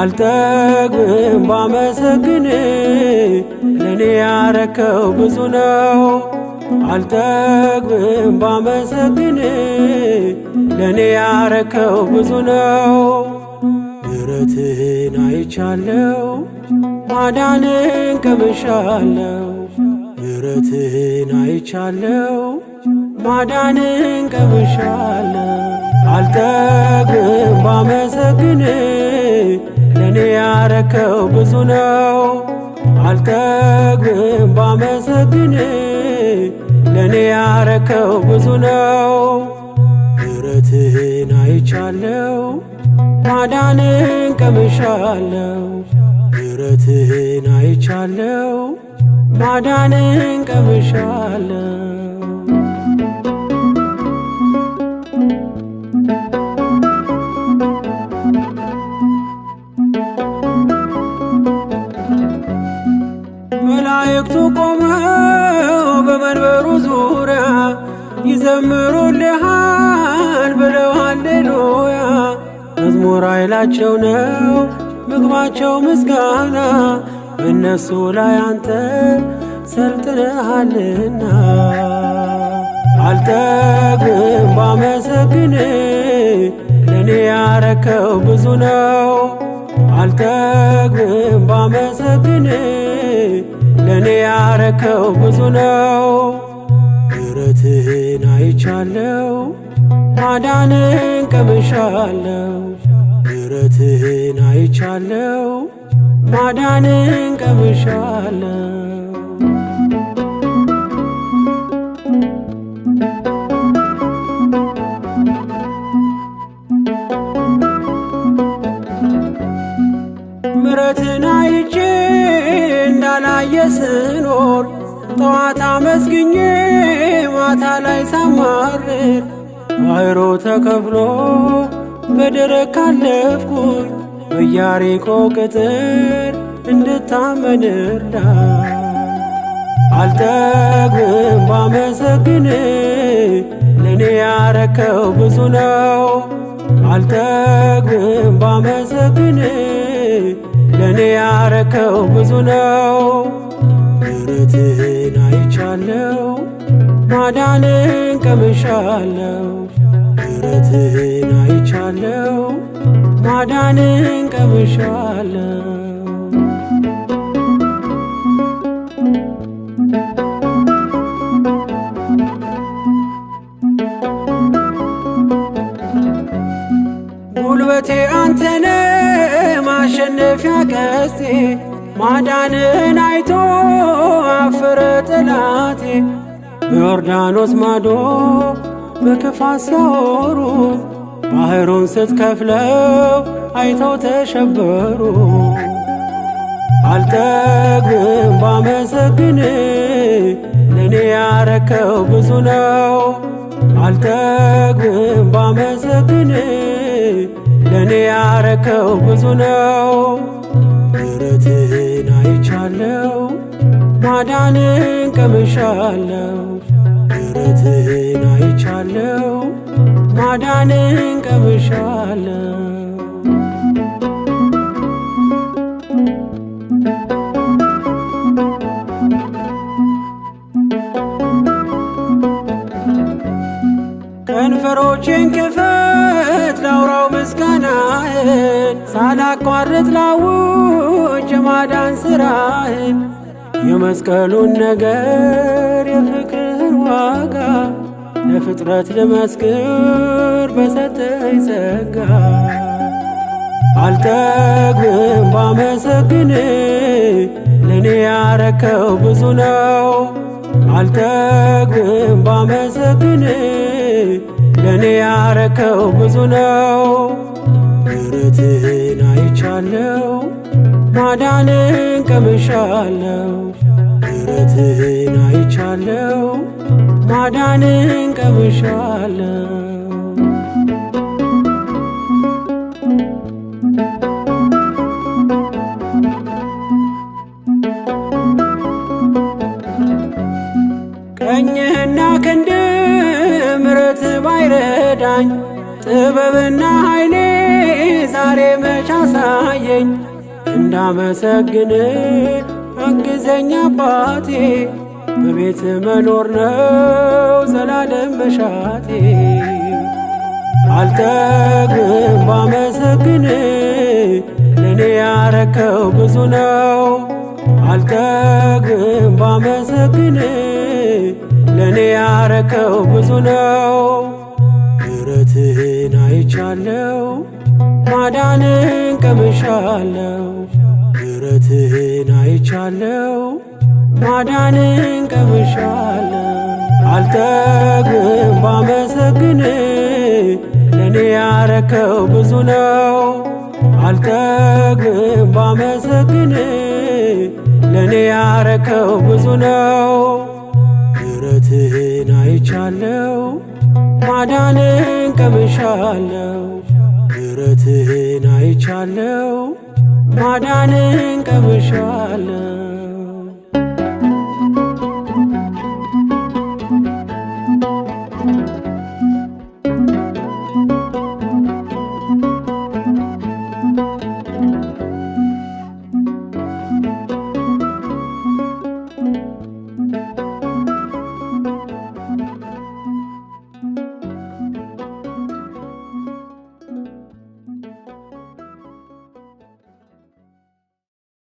አልጠግብም ባመሰግን ለእኔ ያረከው ብዙ ነው። አልጠግብም ባመሰግን ለእኔ ያረከው ብዙ ነው። ምሕረትህን አይቻለው ማዳንን ቀምሻለው። ምሕረትህን አይቻለው ማዳንን ቀምሻለው። አልጠግብም ባመሰግን እኔ ያረከው ብዙ ነው፣ አልጠግብም ባመሰግን። ለእኔ ያረከው ብዙ ነው፣ ምሕረትህን አይቻለው፣ ማዳንን ቀምሻለው። ምሕረትህን አይቻለው፣ ማዳንን ቀምሻለው። መላእክቱ ቆመው በመንበሩ ዙሪያ ይዘምሩልሃል ብለው ሃሌሉያ መዝሙር ኃይላቸው ነው ምግባቸው ምስጋና በእነሱ ላይ አንተ ሰልጥነሃልና አልጠግብም ባመሰግን ለእኔ ያረከው ብዙ ነው አልጠግብም ባመሰግን ለእኔ ያረከው ብዙ ነው። ምሕረትህን አይቻለው፣ ማዳንን ቀምሻለው። ምሕረትህን አይቻለው፣ ማዳንን ቀምሻለው። ስኖር ጠዋት አመስግኜ ማታ ላይ ሳማርር ባሕሩ ተከፍሎ በደረቅ ካለፍኩኝ በያሪኮ ቅጥር እንድታመንርዳ እርዳኝ። አልጠግብም ባመሰግን ለእኔ ያረከው ብዙ ነው። አልጠግብም ባመሰግን ለእኔ ያረከው ብዙ ነው። ምሕረትህን አይቻለው ማዳንን ቀምሻለው ምሕረትህን አይቻለው ማዳንን ቀምሻለው ጉልበቴ አንተነ ማሸነፊያ ቀስቴ ማዳንን አይቶ አፈረ ጠላቴ። በዮርዳኖስ ማዶ በክፋት ሲያወሩ ባህሩን ስትከፍለው አይተው ተሸበሩ። አልጠግብም ባመሰግን ለእኔ ያረከው ብዙ ነው። አልጠግብም ባመሰግን ለእኔ ያረከው ብዙ ነው። ምሕረትህ ፍቅርን አይቻለው ማዳንን ቀምሻለው ምሕረትን አይቻለው ማዳንን ቀምሻለው ከንፈሮችን ክፈት ላውራው ምስጋናህን ሳላቋርጥ ላውጅ የማዳን ስራህን የመስቀሉን ነገር የፍቅር ዋጋ ለፍጥረት ልመስክር በሰጠኝ ጸጋ አልጠግብም ባመሰግን ለእኔ ያረከው ብዙ ነው አልጠግብም ባመሰግን ለእኔ ያረከው ብዙ ነው። ምሕረትህን አይቻለው ማዳንን ቀምሻለው። ምሕረትህን አይቻለው ማዳንን ቀምሻለው ክንድ ምረት ባይረዳኝ ጥበብና ኃይሌ ዛሬ መቻ ሳየኝ እንዳመሰግን አግዘኝ አባቴ በቤት መኖር ነው ዘላለም መሻቴ። አልጠግብም ባመሰግን ለእኔ ያረከው ብዙ ነው። አልጠግብም ባመሰግን ያረከው ብዙ ነው። ምሕረትህን አይቻለው፣ ማዳንን ቀምሻለው። ምሕረትህን አይቻለው፣ ማዳንን ቀምሻለው። አልጠግብም ባመሰግን ለእኔ ያረከው ብዙ ነው። አልጠግብም ባመሰግን ለእኔ ያረከው ብዙ ነው። ሰምቻለው ማዳንን ቀምሻለው ምሕረትህን አይቻለው ማዳንን ቀምሻለው